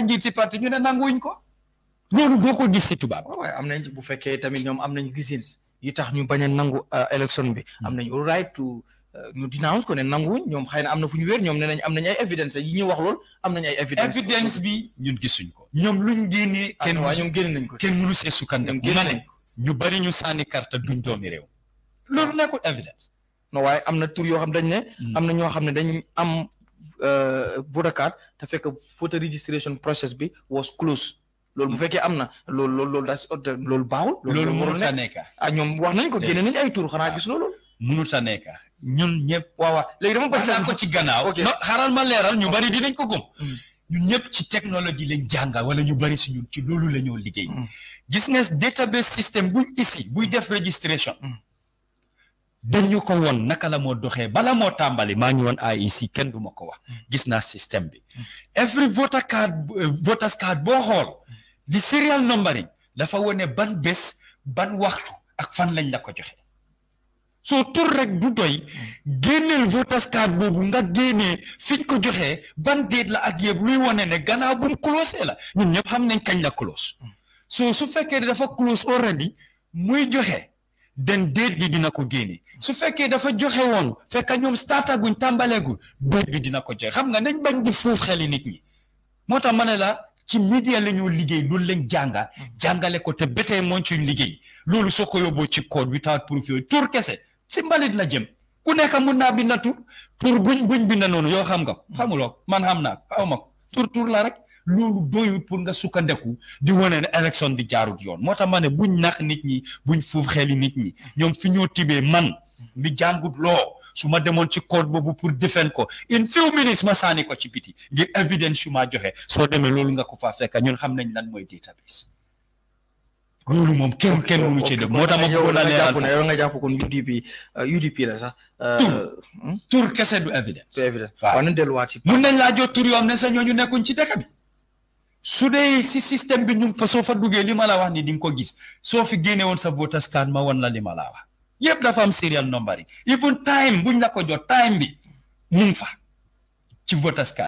ak njiiti parti ñu ne nanguwuñ ko loolu doo ko gis si tubaab oh, am nañ bu fekkee yi tax ñu bañ a nangu euh, élection bi hmm. am nañu right to euh, ko ne nanguwuñ ñoom xëy na am na fu ñu wér ñoom ne nañ am nañ ay évidence yi ñuy wax lool am nañ ay évidence évidence bi ñun gisuñ ko ñoom luñ génnee ah, kenn waaye ñoom génne nañ ñu bari ñu sànni carte duñ doomi réew loolu nekkul évidence non waaye am na tur yoo xam dañ ne hmm. am na ñoo xam ne dañ am Euh, voter card te fekk voter registration process bi was close loolu bu fekkee am na loolu loolu loolu daal si loolu baaxul. loolu mënul sa nekk ah ñoom wax nañ ko génne nañ ay tur xanaa ah. gis loolu. mënul sa nekk ñun ñëpp. waaw waaw léegi dama bëgg naa ko ci gannaaw. ok xaaral ma leeral ñu bari dinañ ko gëm. Hmm. ñun ñëpp ci technologie lañ jànga wala ñu bari si ñun ci loolu la ñoo liggéey. Hmm. gis nga database system buy isi buy def registration. Hmm. dañu ko won naka la moo doxee bala moo tàmbali maa ngi woon IEC kenn du ma ko wax mm. gis naa système bi mm. every voter card voters card boo xool di mm. serial numbering dafa wone ban bés ban waxtu ak fan lañ la ko joxe soo tur rek du doy génneel voters card boobu nga génnee fiñ ko joxe ban déet la ak yëpp luy wone ne gannaaw bu mu la ñun ñëpp xam nañ kañ la close soo su fekkee dafa close already muy joxe. den déet bi dina ko génne su fekkee dafa joxe woon fekk ñoom starta guñ tàmbaleegul déet bi dina ko joxe xam nga nañ bañ di fuuf xeli nit ñi moo tax ma ne la ci média la ñoo liggéey loolu lañ jànga jàngale ko te betee mooñ ci liggéey loolu soo ko yóbboo ci code without proof fi tur kese si mbalit la jëm ku nekk mun naa binda tur tur buñ buñ binda noonu yoo xam nga xamuloo man xam naa aw ma tur tur la rek loolu doyut pour nga sukkandeku di wane ne élection di jaarut yoon moo tax ma ne buñ nax nit ñi buñ fuuf xeli nit ñi ñoom fi ñoo tibee man mi jàngut loo su ma demoon ci code boobu pour defend ko in few minutes ma saani ko ci biti ngir évidence yu ma joxe soo demee loolu nga ko faa fekk ñun xam nañ nan mooy database loolu moom kenn kenn mënu ci dëgg moo tax ma bëggoon a leeral yow yow nga jàpp kon UDP UDP uh, la sax. Uh, tur hmm? tur kese du évidence. du évidence delluwaat ci. mun nañ laa jot tur yoo xam ne sax ci dëkk bi. su dee si système bi ñu fa soo fa duggee li ma la wax ni di nga ko gis soo fi génne woon sa voters card ma won la li ma la wax yëpp dafa am serial number yi even time buñ la ko jot time bi mu ngi fa ci voters